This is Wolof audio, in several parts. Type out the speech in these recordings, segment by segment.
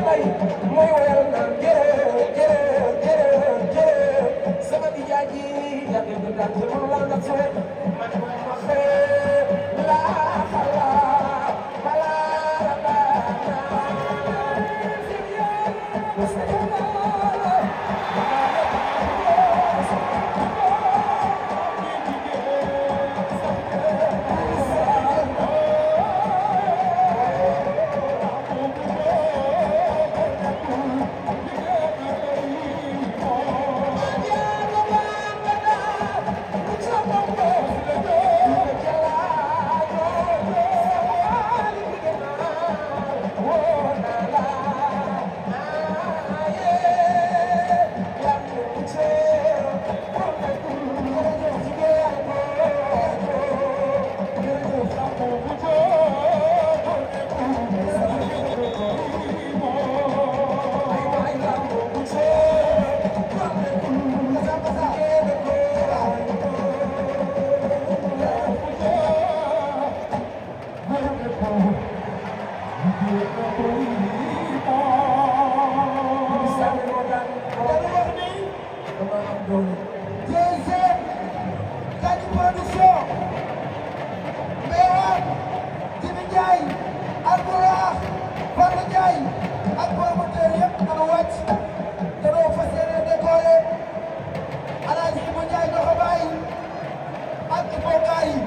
bay mooy woyal naan jërë jërë jërë jërë sama di jaaji Alaaji Ibu Njaay doxo baay ak mbokkaay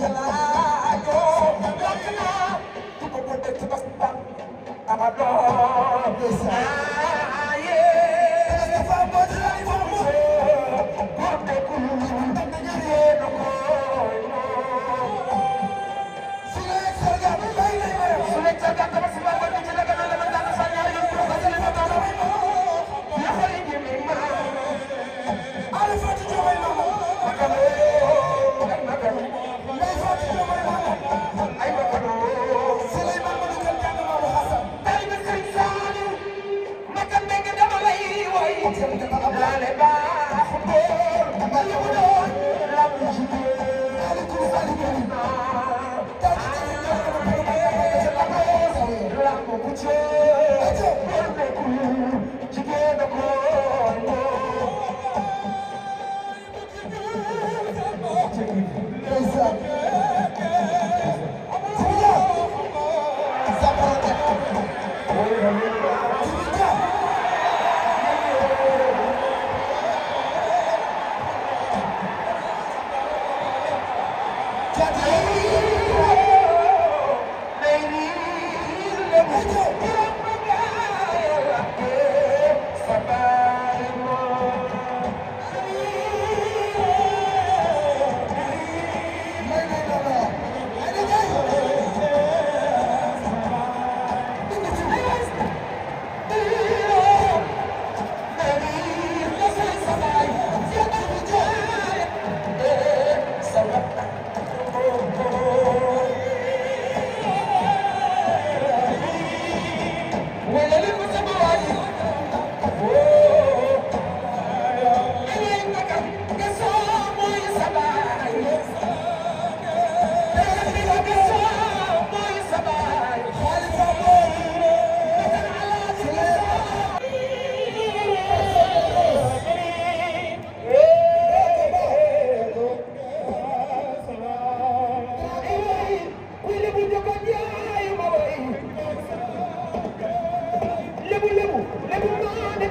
Yes, I Exactly. Thank you.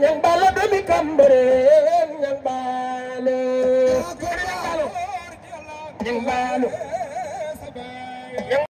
ñang bala demi Cambérène ñang balo ñang balo